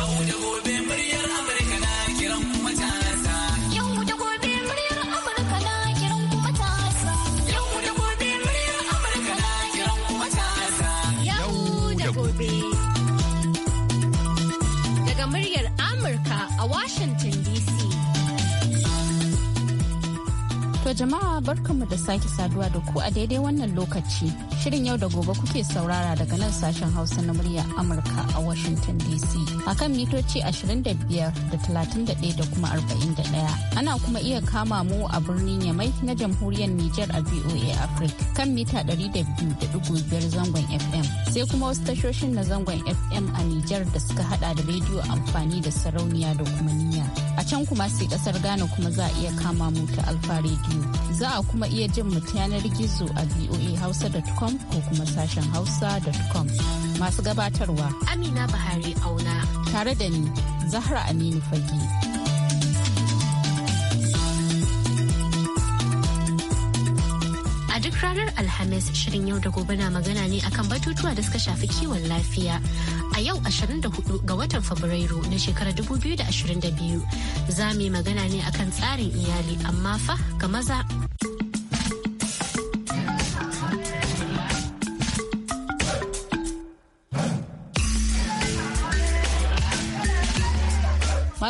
yau da be. ga jama'a barkanmu da sake saduwa da ku a daidai wannan lokaci. Shirin yau da gobe kuke saurara daga nan sashen Hausa na murya Amurka a Washington DC. A kan mitoci 25 da 31 da kuma 41. Ana kuma iya kama mu a birnin Yamai na jamhuriyar niger a VOA Africa kan mita 200.5 zangon FM. Sai kuma wasu tashoshin na zangon FM a niger da suka hada da rediyo amfani da sarauniya da kuma niyya. A can kuma sai kasar Ghana kuma za a iya kama mu ta Alfa rediyo. za a kuma iya jin mu yanar gizo a voahausa.com ko kuma sashen hausa.com masu gabatarwa amina bahari auna tare da ni zahra aminu fage Alhamis shirin yau da gobe na magana ne akan batutuwa da suka shafi kiwon lafiya. A yau 24 ga watan Fabrairu na shekarar 2022 za mu yi magana ne akan tsarin iyali amma fa ga maza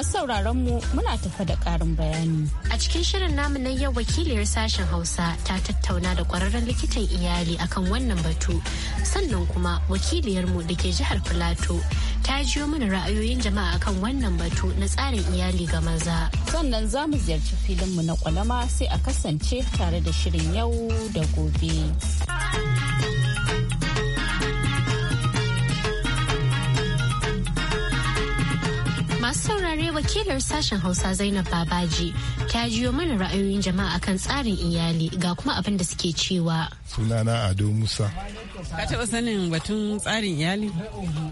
masu sauraron mu muna tafa da karin bayani. A cikin shirin namu na yau wakiliyar sashen Hausa ta tattauna da kwararren likitan iyali akan wannan batu. Sannan kuma wakiliyar mu da ke jihar Filato ta jiyo mana ra'ayoyin jama'a akan wannan batu na tsarin iyali ga maza. Sannan za mu ziyarci filin mu na kwalama sai a kasance tare da shirin yau da gobe. masu saurare wakilar sashen hausa zainab babaji ta jiyo mana ra'ayoyin jama'a kan tsarin iyali ga kuma abin da suke cewa sunana ado musa ka taɓa sanin batun tsarin iyali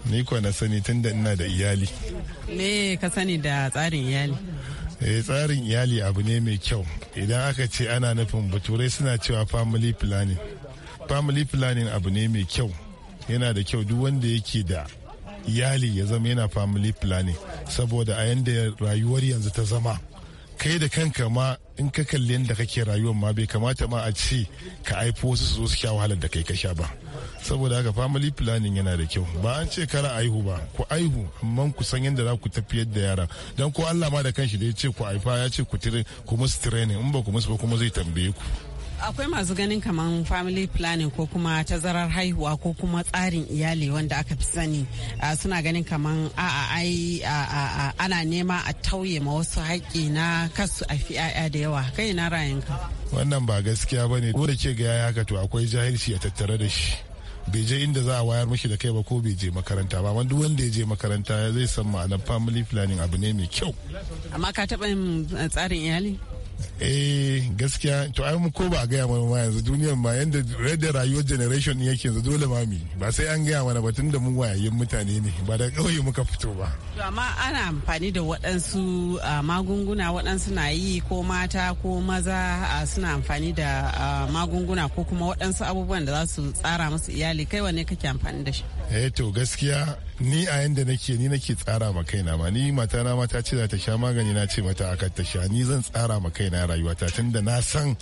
ni kuwa na sani tun da ina da iyali me ka sani da tsarin iyali eh tsarin iyali abu ne mai kyau idan aka ce ana nufin baturai suna cewa family planning family planning abu ne mai kyau yana da kyau duk wanda yake da iyali ya zama yana family planning saboda a yanda rayuwar yanzu ta zama kai da kanka ma in ka kalli yadda kake rayuwar ma bai kamata ma a ce ka aifo wasu su zo su sha wahalar da kai ka sha ba saboda haka family planning yana da kyau ba an ce kara aihu ba ku aihu amma ku san yadda za ku tafiyar da yara don ko Allah ma da kanshi da ya ce ku aifa ya ce ku musu training in ba ku musu ba kuma zai tambaye ku akwai masu ganin kamar family planning ko kuma tazarar haihuwa ko kuma tsarin iyali wanda aka fi sani suna ganin kamar a'a ai ana nema a tauye ma wasu haƙƙi na kasu a fi 'ya'ya da yawa kai na ra'ayinka wannan ba gaskiya ba ne da ke ga yaya haka to akwai jahilci a tattare da shi bai je inda za a wayar mashi da kai ba ko bai je makaranta ba amma wanda ya je makaranta zai san ma'anar family planning abu ne mai kyau amma ka taɓa yin eh, tsarin iyali eh gaskiya to ai mu ko ba gaya mana ma yanzu duniyar ma yanda da rayuwar generation ne yake yanzu dole ma ba sai an gaya mana ba tunda mu wayayyen mutane ne ba da kauye muka fito ba to amma ana amfani da waɗansu ah, magunguna waɗansu na yi ko mata ko maza ah, suna amfani da ah, magunguna ko kuma waɗansu abubuwan da za su tsara musu iyali kai wanne kake amfani da shi eh to gaskiya ni a yanda nake ni nake tsara ma kaina ma ni matana ma ta ce za ta sha magani na ce mata akan ta sha ni zan tsara ma kaina rayuwata tunda na san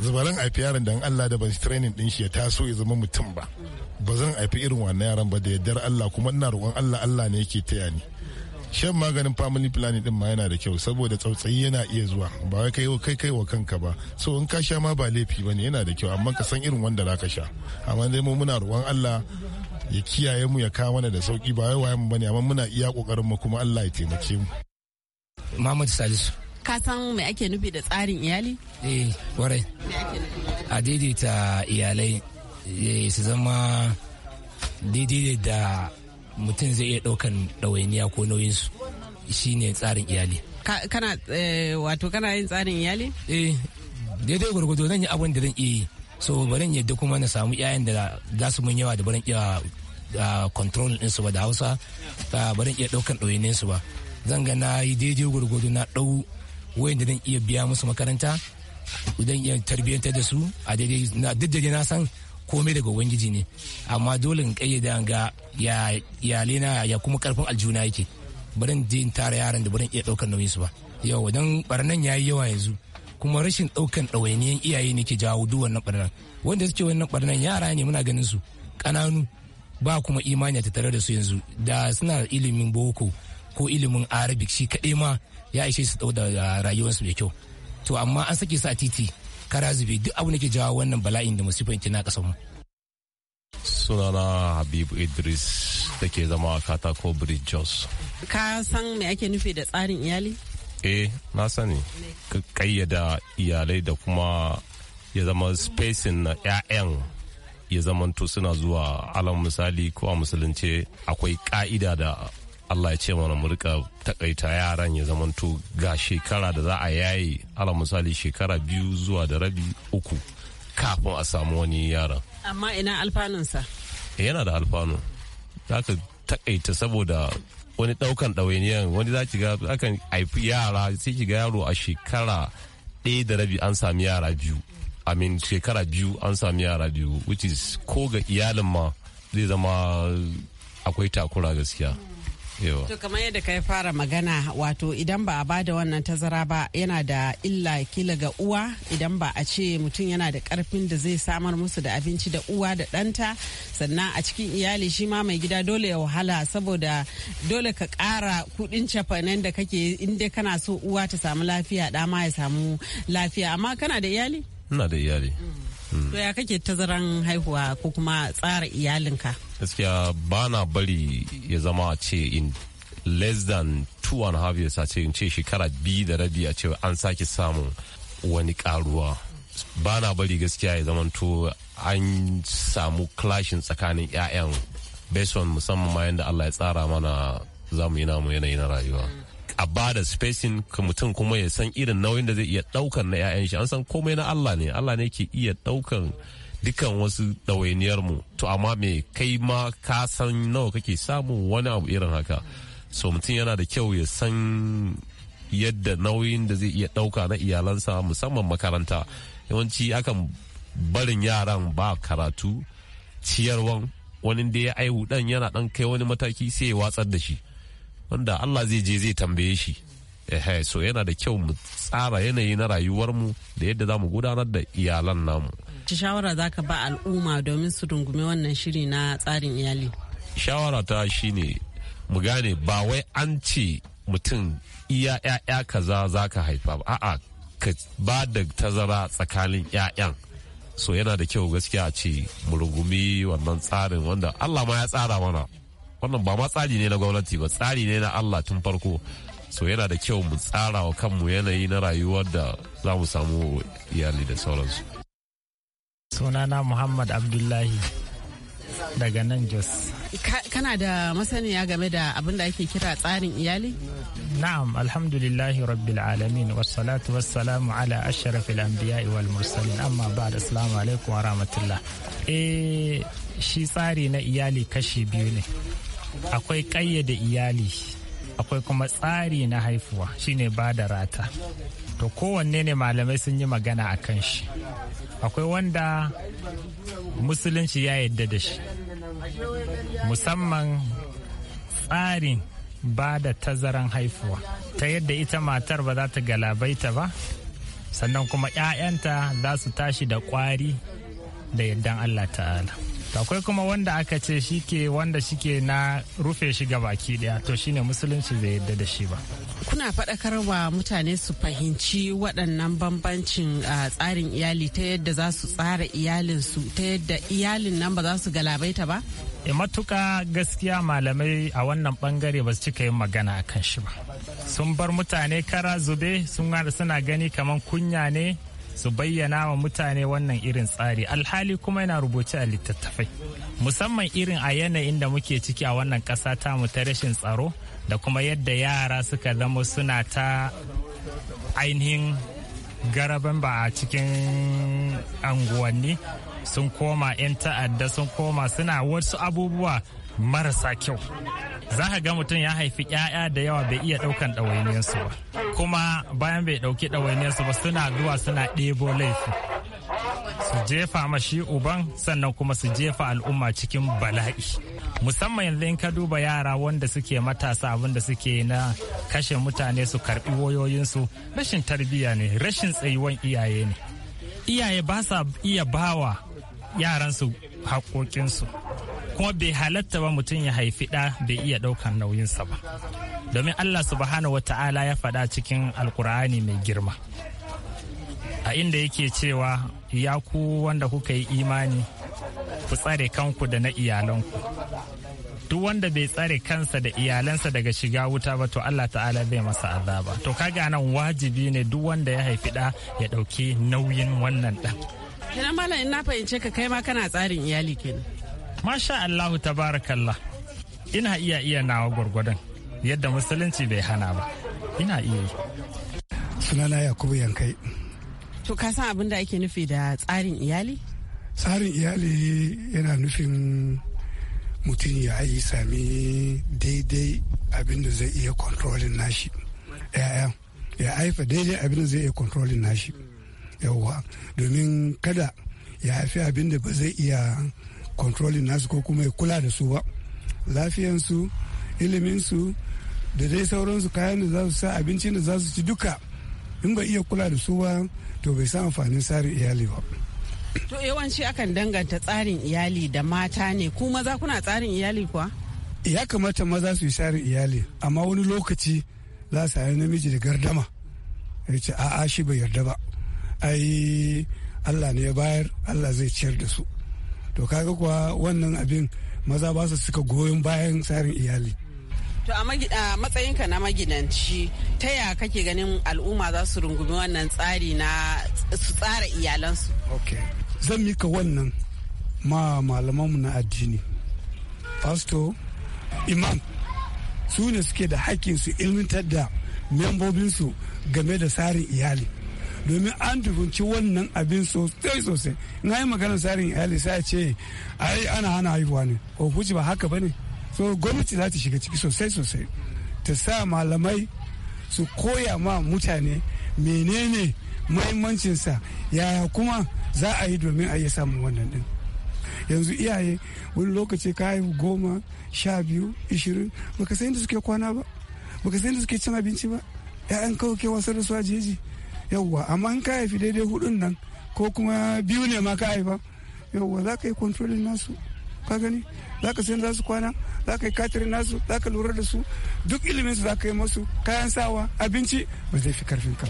zubaran aifi yaran da Allah da ban training din shi ya taso ya zama mutum ba ba zan aifi irin wannan yaran ba da yardar Allah kuma ina roƙon Allah Allah ne yake taya ni shan maganin family planning din ma yana da kyau saboda tsautsayi yana iya zuwa ba kai kai kai wa kanka ba so in ka sha ma ba laifi bane yana da kyau amma ka san irin wanda zaka sha amma dai mu muna roƙon Allah ya kiyaye mu ya kawo mana da sauki ba wai wayan mu bane amma muna iya kokarin mu kuma Allah ya taimake mu Muhammad Salisu ka san me ake nufi da tsarin iyali eh warai a daidaita iyalai eh, su zama daidai da mutum zai iya daukan ɗawainiya ko nauyinsu shine tsarin iyali kana eh, wato kana yin tsarin iyali eh daidai gurgudo zan yi abin da zan iya yi so barin yadda kuma na samu yayan da za su mun yawa da barin iya ah, control din su ba da Hausa ta barin iya daukan ɗoyinin su ba zan ga na yi daidai gurgudu na ɗau wayanda zan iya biya musu makaranta zan iya tarbiyyantar da su a daidai na na san komai daga ubangiji ne amma dole in kayyada ga ya yalena ya kuma karfin aljuna yake barin je tara yaran da barin iya ɗaukar nauyin su ba yawa dan barnan yayi yawa yanzu kuma rashin ɗaukan ɗawainiyan iyaye ne ke jawo duk wannan ɓarnan wanda suke wannan ɓarnan yara ne muna ganin su kananu ba kuma imani ta tare da su yanzu da suna ilimin boko ko ilimin arabic shi kaɗai ma ya ishe su ɗau da rayuwarsu mai kyau to amma an sake su a titi kara zube duk abu da ke jawo wannan bala'in da musifan ke na ƙasar mu. sunana habibu idris da ke zama katako bridge jos ka san me ake nufi da tsarin iyali eh na sani ka kayyada iyalai da kuma ya zama spacin na 'ya'yan ya zamanto suna zuwa alam misali ko a musulunce akwai ka'ida da Allah ya ce mana mu rika takaita yaran ya zamanto ga shekara da za a yayi alam misali shekara biyu zuwa da rabi uku kafin a samu wani yaran. Amma ina alfanunsa? Yana da alfanu. Za ka takaita saboda wani daukan ɗawainiyan wani za ki ga akan haifi yara sai ki ga yaro a shekara ɗaya da rabi an sami yara biyu I mean shekara biyu an sami yara biyu which is ko ga iyalin ma zai zama akwai takura gaskiya. To kamar yadda ka fara magana wato idan ba a ba da wannan tazara ba yana da illa kila ga uwa idan ba a ce mutum yana da karfin da zai samar musu da abinci da uwa da ɗanta sannan a cikin iyali shi ma mai gida dole ya wahala saboda dole ka ƙara kuɗin cefanen da kake inda kana so uwa ta samu lafiya ɗa ma ya samu lafiya amma kana da iyali? Ina da iyali. Mm. Mm. To ya kake tazaran haihuwa ko kuma tsara iyalinka? gaskiya ba na bari ya zama a ce in less than two and a half years a ce in ce shekara biyu da rabi a ce an sake samun wani karuwa ba na bari gaskiya ya zama to an samu clashin tsakanin 'ya'yan best on musamman ma yadda Allah ya tsara mana za mu yi namu yanayi na rayuwa a ba da spacing ka mutum kuma ya san irin nauyin da zai iya daukan na 'ya'yan shi an san komai na Allah ne Allah ne ke iya daukan dukkan wasu ɗawainiyar mu to amma me kai ma ka san nawa kake samu wani abu irin haka so mutum yana da kyau ya san yadda nauyin da zai iya ɗauka na iyalansa musamman makaranta yawanci akan barin yaran ba karatu ciyarwan wani da ya aihu dan yana dan kai wani mataki sai ya watsar da shi wanda Allah zai je zai tambaye shi ehe so yana da kyau mu tsara yanayi na rayuwarmu da yadda za mu gudanar da iyalan namu wacce shawara za ka ba al'umma domin su rungumi wannan shiri na tsarin iyali shawara ta ne mu gane ba wai an ce mutum iya 'ya'ya kaza za ka haifa ba a'a ka ba da tazara tsakanin 'ya'yan so yana da kyau gaskiya a ce mu rungumi wannan tsarin wanda allah ma ya tsara mana wannan ba ma tsari ne na gwamnati ba tsari ne na allah tun farko so yana da kyau mu tsara wa kanmu yanayi na rayuwar da za mu samu iyali da sauransu sunana muhammad abdullahi daga nan jos kana da masaniya game da abin da ake kira tsarin iyali na'am alhamdulillahi rabbil alamin wassalatu wassalamu ala ashrafil anbiya wal mursalin amma ba da assalamu alaikum wa rahmatullah eh shi tsari na iyali kashi biyu ne akwai kayyade iyali akwai kuma tsari na haifuwa shine ba da rata to kowanne ne malamai sun yi magana a kan shi akwai wanda musulunci ya yadda da shi musamman tsarin ba da tazaran haifuwa ta yadda ita matar ba za ta galabaita ba sannan kuma 'ya'yanta za su tashi da kwari da yardan allah ta'ala akwai kuma wanda aka ce shi ke wanda shi ke na rufe shi ga baki daya to shine musulunci bai yadda da shi ba kuna faɗakar wa mutane su fahimci waɗannan bambancin tsarin iyali ta yadda za su tsara iyalinsu ta yadda iyalin nan ba za su galabaita ba e eh, matuka gaskiya malamai a wannan bangare ba su cika yin magana a kan shi ba sun bar mutane kara zube suna gani kamar kunya ne su bayyana wa mutane wannan irin tsari alhali kuma yana rubuce a littattafai musamman irin a yanayin da muke ciki a wannan ƙasa ta mu ta rashin tsaro da kuma yadda yara suka zama suna ta ainihin garaban ba a cikin anguwanni sun koma 'yan ta'adda sun koma suna wasu abubuwa marasa kyau za ka ga mutum ya haifi 'ya'ya da yawa bai iya ɗaukan ɗawainiyarsu ba kuma bayan bai ɗauki ɗawainiyarsu ba suna zuwa suna ɗebo laifi su jefa mashi uban sannan kuma su jefa al'umma cikin bala'i musamman yanzu in ka duba yara wanda suke matasa abin da suke na kashe mutane su karbi wayoyinsu rashin tarbiyya ne rashin tsayuwan iyaye ne iyaye ba sa iya bawa yaransu haƙoƙinsu kuma bai halatta ba mutum ya haifi ɗa bai iya ɗaukan nauyinsa ba domin allah subhanahu wa ta'ala ya faɗa cikin alkur'ani mai girma a inda yake cewa ya ku wanda kuka yi imani ku tsare kanku da na iyalanku duk wanda bai tsare kansa da iyalansa daga shiga wuta ba to Allah ta'ala bai masa azaba to kaga nan wajibi ne duk wanda ya haifi ɗa ya ɗauki nauyin wannan dan kina malam in na fahimce ka kai ma kana tsarin iyali kenan Masha Allahu tabarakallah. Ina iya iya nawa gwargwadon yadda musulunci bai hana ba. Ina iya yi. Sunana Yakubu Yankai. To ka san abin da ake nufi da tsarin iyali? Tsarin iyali yana nufin mutum ya yi sami daidai abin da zai iya kontrolin nashi. Ya ya haifa daidai abin da zai iya kontrolin nashi. Yawwa domin kada ya haifi abin da ba zai iya controlling nasu ko kuma ya kula da su ba lafiyansu iliminsu da dai sauransu kayan da za su sa abincin da za su ci duka in ba iya kula da su ba to bai sa amfanin tsarin iyali ba to yawanci akan danganta tsarin iyali da mata ne ku maza kuna tsarin iyali kuwa ya kamata maza su yi tsarin iyali amma wani lokaci za su yi namiji da gardama ya ce a'a shi bai yarda ba ai allah ne ya bayar allah zai ciyar da su to kaga kuwa wannan abin maza ba su suka goyon bayan tsarin iyali to a matsayinka na maginanci ta ya kake ganin al'umma za su rungumi wannan tsari na su tsara iyalansu ok zan mika wannan ma malamanmu na addini pastor imam su ne suke da hakkin su ilmantar da membobinsu game da tsarin iyali domin an tuhunci wannan abin sosai sosai na yi maganar tsarin iyali sai ce ai ana hana haihuwa ne ko kuci ba haka bane so gwamnati za ta shiga ciki sosai sosai ta sa malamai su koya ma mutane menene mahimmancinsa yaya kuma za a yi domin a iya samun wannan din yanzu iyaye wani lokaci ka haihu goma sha biyu ishirin baka san da suke kwana ba baka san da suke cin abinci ba ya'yan kawai ke wasan da su a jeji yauwa amma in ka haifi daidai hudun nan ko kuma biyu ne ma ka haifa yauwa za ka yi kontrolin nasu ka gani za ka san za su kwana za ka yi katirin nasu za ka lura da su duk ilimin su za ka yi masu kayan sawa abinci ba zai fi karfin ka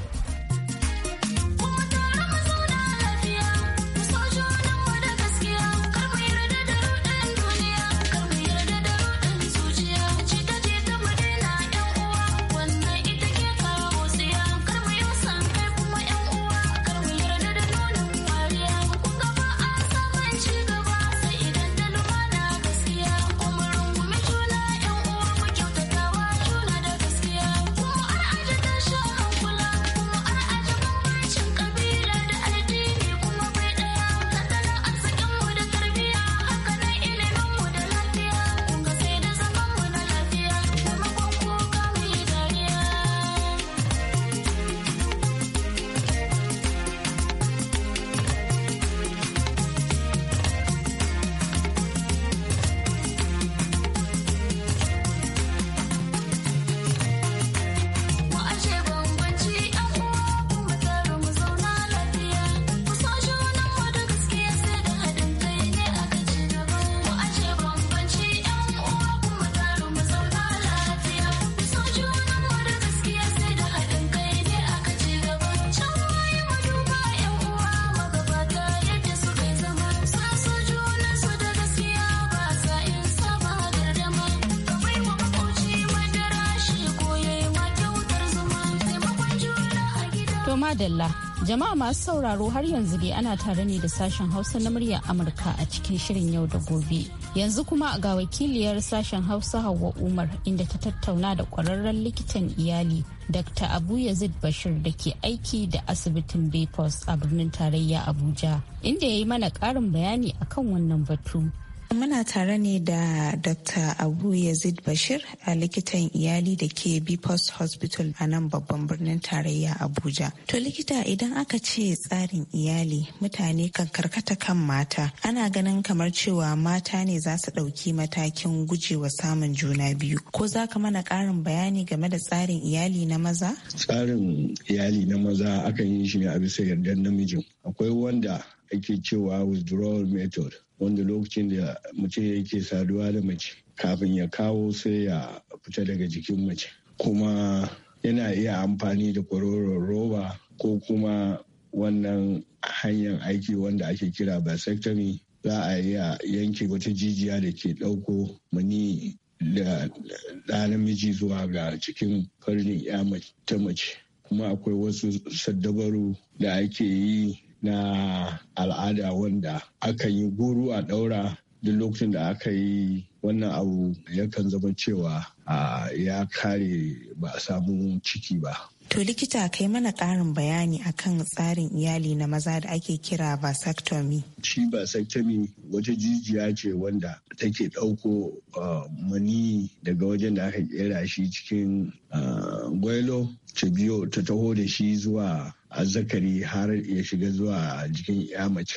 madalla jama'a masu sauraro har yanzu dai ana tare ne da sashen hausa na muryar amurka a cikin shirin yau da gobe yanzu kuma ga wakiliyar sashen hausa hawa umar inda ta tattauna da kwararren likitan iyali dr abu yazid bashir da ke aiki da asibitin bepos a birnin tarayya abuja inda ya yi mana karin bayani akan wannan batu Muna tare ne da Dr. Abu Yazid Bashir a likitan iyali da ke Bipos Hospital a nan babban birnin tarayya Abuja. To likita idan aka ce tsarin iyali mutane kan karkata kan mata ana ganin kamar cewa mata ne za su ɗauki matakin gujewa samun juna biyu. Ko za ka mana ƙarin bayani game da tsarin iyali na maza? Tsarin iyali na maza akan yi shi ne a bisa yardar namijin. Akwai wanda ake cewa withdrawal method wanda lokacin da mace yake saduwa da mace kafin ya kawo sai ya fita daga jikin mace kuma yana iya amfani da kwaroron roba ko kuma wannan hanyar aiki wanda ake kira bisectomy za a iya yanke wata jijiya da ke ɗauko mani da ɗa namiji zuwa ga cikin karnin ya ta mace kuma akwai wasu saddabaru da ake yi na al'ada wanda aka yi guru a ɗaura duk lokacin da aka yi wannan abu yakan zama cewa ya kare ba a samu ciki ba. To likita kai mana ƙarin bayani akan tsarin iyali na maza da ake kira vasectomy. Shi vasectomy wata jijiya ce wanda take ɗauko mani daga wajen da aka kera shi cikin gwailo, biyo ta taho da shi zuwa azzakari har ya shiga zuwa jikin ya mace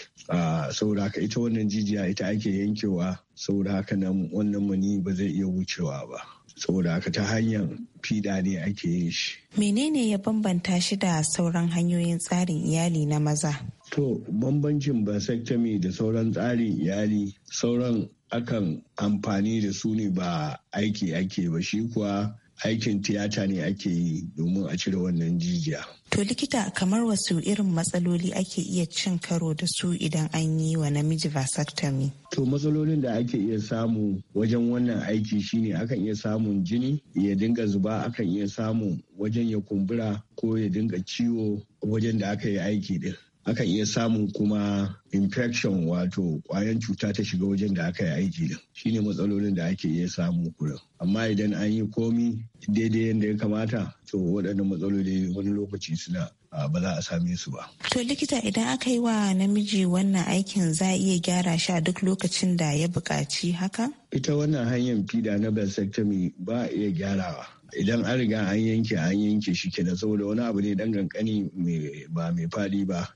saboda haka ita wannan jijiya ita ake yankewa saboda haka nan wannan mani ba zai iya wucewa ba saboda haka ta hanyar fida ne ake yin shi menene ya bambanta shi da sauran hanyoyin tsarin iyali na maza to bambancin vasectomy da sauran tsarin iyali sauran akan amfani da su ne ba aiki ake ba shi kuwa aikin tiyata ne ake yi domin a cire wannan jijiya. To likita kamar wasu irin matsaloli ake iya cin karo da su idan an yi wa namiji vasectomy? To matsalolin da ake iya samu wajen wannan aiki shine akan iya samun jini ya dinga zuba akan iya samun wajen ya kumbura ko ya dinga ciwo wajen da aka yi aiki din. akan iya samun kuma infection wato kwayan cuta ta shiga wajen da aka yi aiki din shine matsalolin da ake iya samu kurin amma idan an yi komi daidai yadda ya kamata to waɗannan matsaloli wani lokaci suna ba za a same su ba. To likita idan aka yi wa namiji wannan aikin za a iya gyara shi a duk lokacin da ya buƙaci haka? Ita wannan hanyar fida na vasectomy ba a iya gyarawa. idan an riga an yanke an yanke shi kenan saboda wani abu ne dan kankani ba mai fadi ba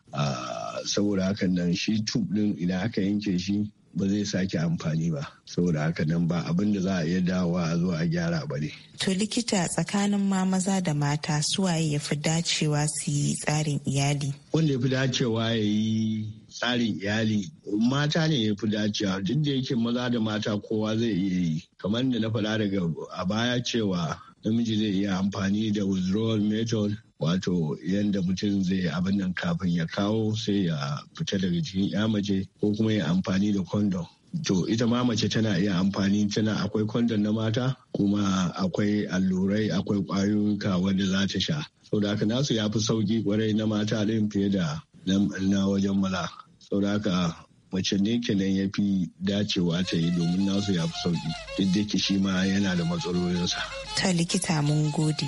saboda hakan nan shi tube din idan aka yanke shi ba zai sake amfani ba saboda haka nan ba abin da za a iya dawowa a zo a gyara ba ne. To likita tsakanin ma maza da mata suwaye ya fi dacewa su yi tsarin iyali. Wanda ya fi dacewa ya yi tsarin iyali mata ne ya fi dacewa duk da yake maza da mata kowa zai iya yi kamar da na faɗa daga a baya cewa namiji zai iya amfani da withdrawal method wato yadda mutum zai abin nan kafin ya kawo sai ya fita daga jikin ya mace ko kuma ya amfani da condom to ita ma mace tana iya amfani tana akwai condom na mata kuma akwai allurai akwai kwayoyinka wanda za ta sha saboda haka nasu ya fi sauki kwarai na mata din fiye da na wajen mala saboda haka wacce ne kenan ya fi dacewa ta yi domin nasu ya fi sauki duk da shi ma yana da matsalolinsa. ta likita mun gode.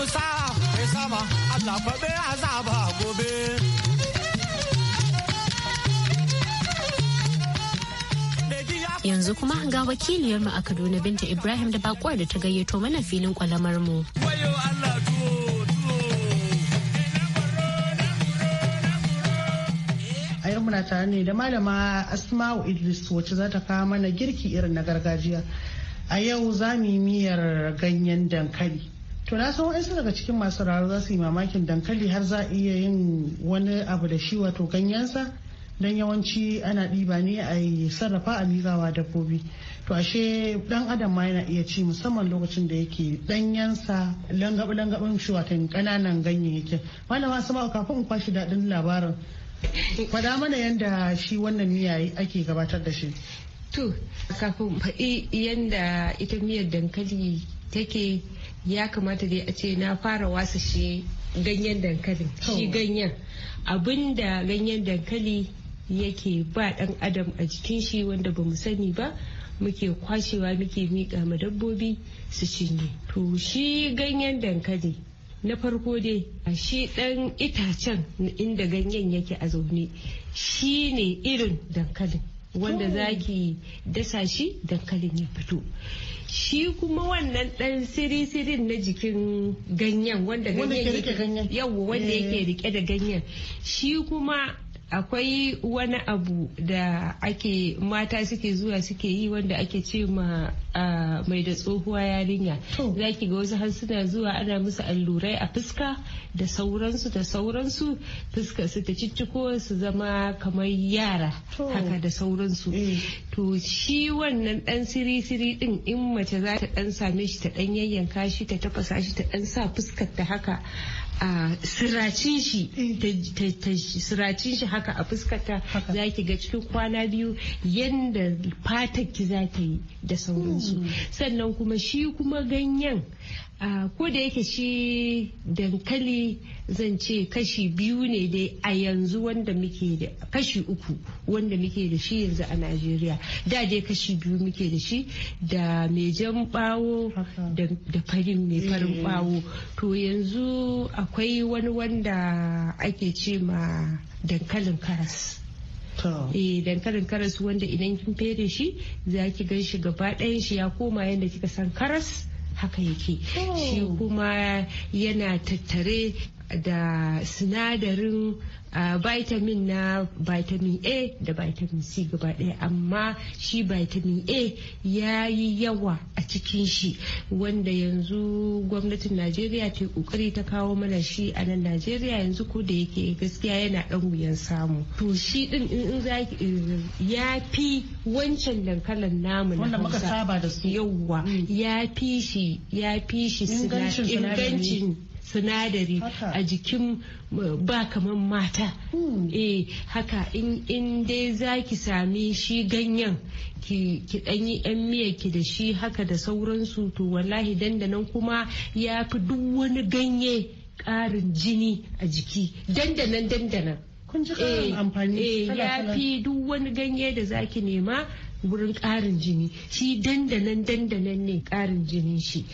musa mai sama Yanzu kuma ga wakiliyarmu a Kaduna Binta Ibrahim da bakwar da ta gayyato mana filin kwalamar mu. yau muna tare ne da malama asma'u idris wacce za ta kawo mana girki irin na gargajiya a yau za mu yi miyar ganyen dankali to na san wa'ansu daga cikin masu raro za su yi mamakin dankali har za a iya yin wani abu da shi wato ganyensa don yawanci ana ɗiba ne a yi sarrafa a miƙawa dabbobi to ashe ɗan adam ma yana iya ci musamman lokacin da yake ɗanyensa langabu langabun shi watan ƙananan ganyayyakin malama sama kafin in kwashe daɗin labarin faɗa mana yadda shi wannan miya ake gabatar da shi to kafin faɗi yadda ita miyar dankali take ya kamata dai a ce na fara wasa shi ganyen dankalin shi ganyen da ganyen dankali yake ba dan adam a jikin shi wanda ba sani ba muke kwashewa muke miƙa ma dabbobi su cinye to shi ganyen dankali na farko dai a shi dan itacen inda ganyen yake a zaune shi ne irin dankalin wanda zaki dasa shi dankalin ya fito shi kuma wannan dan siri-sirin na jikin ganyen wanda ganyen yake eh. rike da ganyen shi kuma akwai wani abu da ake mata suke zuwa suke yi wanda ake ce ma mai da tsohuwa yarinya za ki ga wasu har suna zuwa ana musu allurai a fuska da sauransu da sauransu fuska su ta cicciko su zama kamar yara haka da sauransu eh. to shi wannan dan siri-siri din in mace za ta dan same shi ta dan yayyanka shi ta tafasa shi ta dan sa fuskar ta haka a siracin shi eh. siracin shi haka a fuskata za ki ga cikin kwana biyu yadda fatakki ki za ta yi da sauransu mm. sannan kuma shi kuma ganyen ko da yake shi dankali zan ce kashi biyu ne dai a yanzu wanda muke da kashi uku wanda muke da shi yanzu a najeriya da dai kashi biyu muke da shi da mai jan bawo da farin mai farin bawo eh. to yanzu akwai wani wanda ake ce ma dankalin karas eh dankalin karas wanda idan kin fere shi za ki gan shi gaba ɗayan shi ya koma yadda kika san karas haka yake oh. shi kuma yana tattare da sinadarin vitamin na vitamin a da vitamin c gaba ɗaya amma shi vitamin a ya yi yawa a cikin shi wanda yanzu gwamnatin najeriya ta kokari ta kawo mana shi a nan najeriya yanzu ko da yake gaskiya yana ɗan wuyan samu to shi din in za ya fi wancan dankalin namu na hausa Yawwa ya fi shi ya fi shi ingancin sinadari a jikin uh, ba kaman mata hmm. eh haka in dai za ki sami shi ganyen ki ɗanyi 'yan miya ki da shi haka da sauransu to wallahi dandanan kuma ya fi duk wani ganye ƙarin jini a jiki dandanan dandanan kun ji karin eh, amfani eh, ya fi duk wani ganye da zaki nema wurin ƙarin jini shi dandanan dandanan ne ƙarin jini shi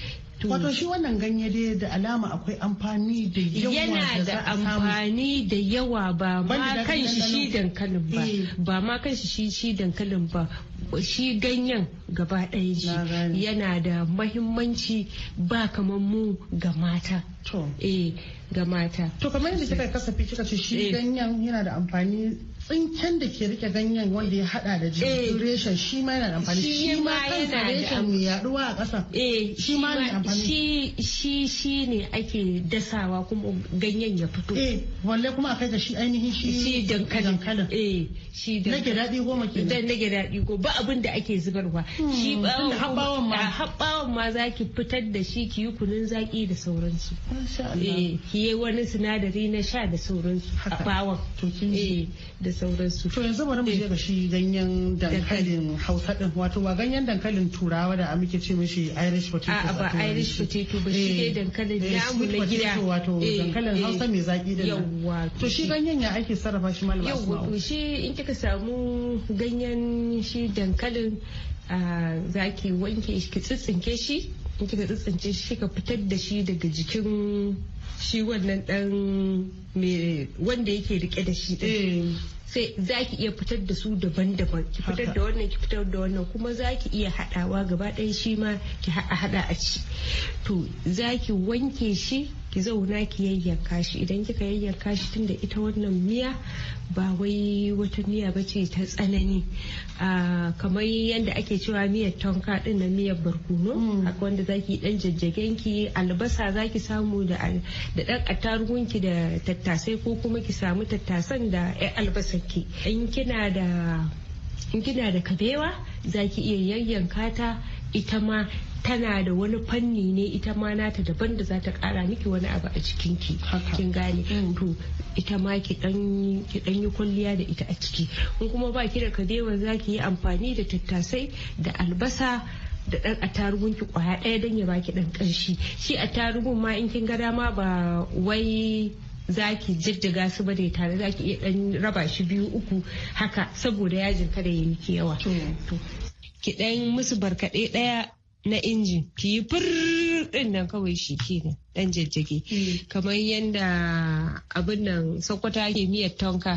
Mm. wato shi wannan ganye dai da alama akwai amfani da yawa yana da amfani da yawa ba ma kan shi shi dankalin ba eh. ba ma kan shi shi shi dankalin ba shi ganyen gaba ɗaya ji yana da mahimmanci ba kamar mu ga mata eh ga mata to kamar yadda kika kasafi kika ce shi eh. ganyen yana da amfani tsinken da ke rike ganyen wanda ya hada da jirgin eh. reshen shi ma yana amfani shi ma da amfani ya ruwa a kasa shi ma yana eh, amfani shi shi ne ake dasawa kuma ganyen ya fito eh walle kuma akai da shi ainihin shi shi dankalin eh shi dankalin nake dadi goma kenan dan nake dadi go ba abin da ake zubarwa hmm, shi habbawan ma habbawan ma zaki fitar da shi ki yi kunun zaki da sauransu eh ki yi wani sinadari na sha da sauransu habbawan to kin eh sauransu. To yanzu bari mu je ga shi ganyen dankalin Hausa din wato ba ganyen dankalin Turawa da muke ce mishi Irish potato. A'a ba Irish potato ba shi dai eh, dankalin eh, namu na gida. Wato eh, dankalin Hausa mai zaki da yawa. To shi ganyen ya ake sarrafa shi malama. Yawa to shi in kika samu ganyen shi dankalin ah, za ki wanke shi ki tsitsinke shi in kika tsitsince shi ka fitar da shi daga jikin shi wannan dan wanda yake rike da shi sai za ki iya fitar da su daban-daban ki fitar da wannan ki fitar da wannan kuma za ki iya haɗawa gaba ɗaya shi ma ki haɗa a ci to za ki wanke shi ki zauna ki yayyanka shi idan kika yayyanka shi tunda ita wannan miya ba wai wata miya ba ce ta tsanani ah, kamar yadda ake cewa miyar tonka din na miyar barkono mm. haka wanda zaki dan jajjagen ki albasa zaki samu da dan attarugun ki da tattasai ko kuma ki samu tattasan da yan albasan ki in kina da in kina da kabewa zaki iya yayyanka ta ita ma tana da wani fanni ne ita ma nata daban da za ta kara miki wani abu a cikin ki kin gane mm. to ita ma ki dan yi kwalliya da ita a ciki in kuma ba ki da kadewa za ki yi amfani da tattasai da albasa da dan attarugun ki kwaya daya dan ya baki dan kanshi shi attarugun ma in kin ga dama ba wai zaki jijjiga su ba da tare zaki iya dan raba shi biyu uku haka saboda yajin kada ya miki yawa ki dan musu barkade ɗaya na injin ki yi fur din nan kawai shi kenan dan jajjage hmm. kamar yadda abin nan sokoto ke miyar tonka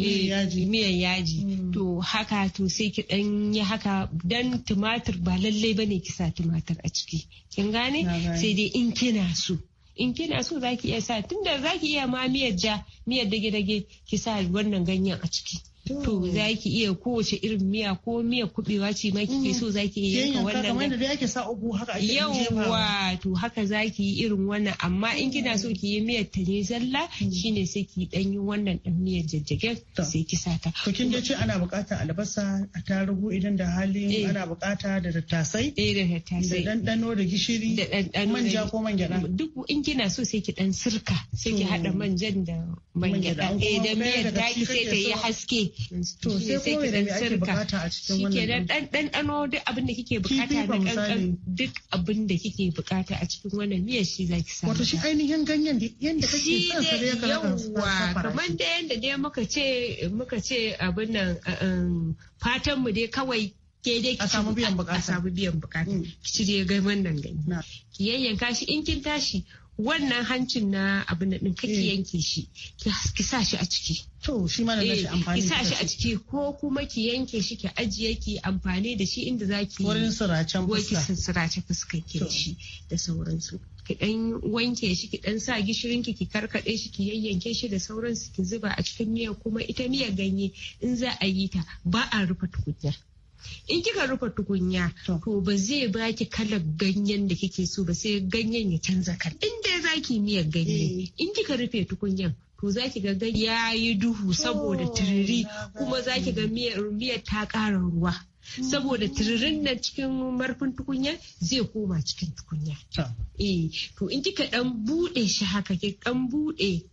eh, miyan yaji hmm. to haka to sai ki dan yi haka dan tumatir ba lallai bane ki sa tumatir a ciki kin gane sai dai in kina so in kina so zaki iya sa tunda zaki iya ma miyar ja miyar dage-dage ki sa wannan ganyen a ciki to za ki iya kowace irin miya ko miya kubewa ce ma kike so za ki iya yanka wannan kamar da ake sa ugu haka ake yawa to haka za ki yi irin wannan amma in kina so ki yi miyar ta ne zalla mm. shine sai ki dan yi wannan dan miyar jajjage sai ki sata to kin ce ana bukata albasa a tarugu idan da hali eh. ana bukata da tattasai eh da tattasai da dandano da gishiri da dandano manja ko man duk in kina so sai ki dan sirka sai ki hada manjan da man eh da miyar ta sai ta yi haske to sai ko me da ake bukata a cikin wannan dan dan dano abin da kike bukata na kankan duk abin da kike bukata a cikin wannan miyar shi zaki samu wato shi ainihin ganyen da yanda kake son sa ya kamar da yanda dai muka ce muka ce abin nan um, fatan mu dai kawai ke dai ki samu biyan bukata a samu biyan bukata mm. ki ga wannan gani ki yayyanka shi in kin tashi wannan hancin na abu na ɗin kake eh. yanke shi ki sa shi a ciki to shi ma da shi eh, amfani ki sa shi a ciki ko kuma ki yanke shi ki ajiye ki amfani da shi inda zaki wurin suracen fuska wurin suracen fuska ki shi da sauransu ki dan wanke shi ki dan sa gishirin ki ki karkade shi ki yayyanke shi da sauransu ki zuba a cikin miya kuma ita miya ganye in za a yi ta ba a rufe tukunya in kika rufe tukunya to ba zai baki kalar ganyen da kike so ba sai ganyen ya canza kala in dai zaki miyar ganye eh. in kika rufe tukunyan to za ki ga ganye. ya yi duhu saboda tiriri kuma za ki ga miyar ta ƙara ruwa mm. saboda tiririn nan cikin marfin tukunya zai koma cikin tukunya. Eh, to in kika dan bude shi haka ki dan bude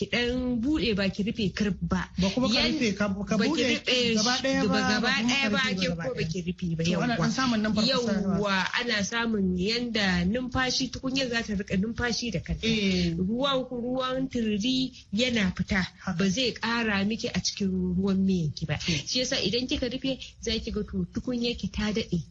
ki dan bude ba ki rufe kirf ba ba kuma ka rufe ka bude gaba daya ba gaba daya ba ki ko ba ki rufe ba yawa yawa ana samun yanda numfashi tukunya za ta rika numfashi da kanta eh. ruwan ruwan turri yana fita ba zai kara miki a cikin ruwan miyan ki ba eh. shi yasa idan kika rufe zai ki ga to tukunya ki ta dade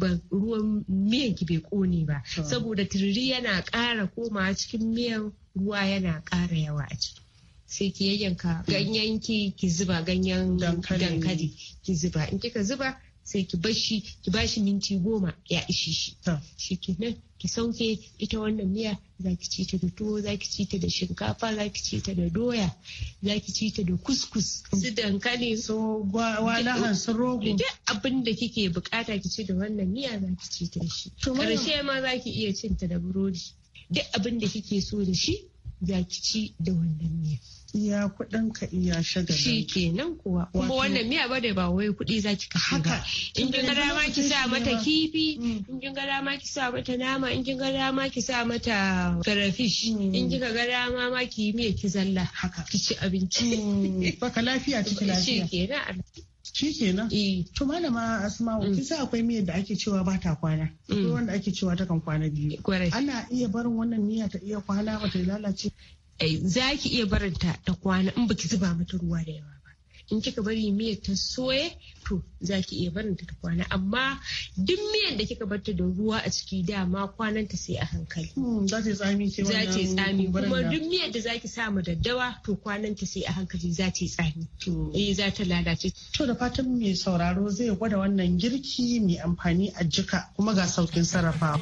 ruwan miyan ki bai kone ba saboda turiri yana ƙara komawa cikin miyan ruwa yana ƙara yawa a ciki sai ki yayyanka hmm. ganyen ki ki zuba ganyen dankali ki zuba in kika zuba sai ki bashi ki bashi minti goma ya ishi shi shi nan ki sauke ita wannan miya ki ci ta da tuwo ki ci ta da shinkafa ki ci ta da doya ki ci ta da kuskus su dankali su walahan su rogo duk abin da kike bukata ki ci da wannan miya Za ki ci ta shi karshe ma ki iya cin ta da burodi duk abin da kike so da shi Za ki ci da wannan miya iya kuɗin ka iya shagalin shi kenan kuwa kuma wannan miya ba da ba wai kuɗi za ki kashe ba in kin ga dama ki sa mata kifi mm. in kin ga dama ki sa mata nama in kin ga dama ki sa mata karafish mm. in kika ga dama ma ki miya ki zalla haka ki ci abinci mm. baka lafiya ciki lafiya shi kenan shi kenan eh. to malama asma'u kin sa akwai miyar da ake cewa ba ta kwana akwai wanda ake cewa ta kan kwana biyu ana iya barin wannan miya ta iya kwana ba ta lalace Eh, za ki iya baranta ta kwana in baki zuba mata ruwa da yawa ba in kika bari miyar ta soye to za ki iya baranta ta kwana amma duk miyar da kika barta da ruwa a ciki dama kwananta sai a hankali hmm, za ta tsami ce za ta tsami kuma duk miyar da za ki sa samu daddawa to kwananta sai a hankali za ta tsami eh za ta lalace to da fatan mai sauraro zai gwada wannan girki mai amfani a jika kuma ga saukin sarrafawa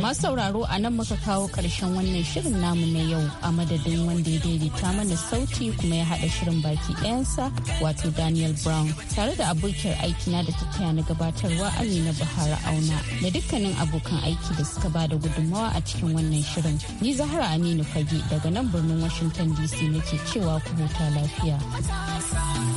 Masu sauraro a nan muka kawo ƙarshen wannan shirin namu na yau a madadin wanda ya daidaita mana sauti kuma ya haɗa shirin baki ɗayansa wato Daniel Brown tare da abokiyar aikina da ta na gabatarwa Amina Buhari Auna da dukkanin abokan aiki da suka ba da gudunmawa a cikin wannan shirin. Ni Zahra Aminu Fage daga nan birnin Washington DC nake cewa ku huta lafiya.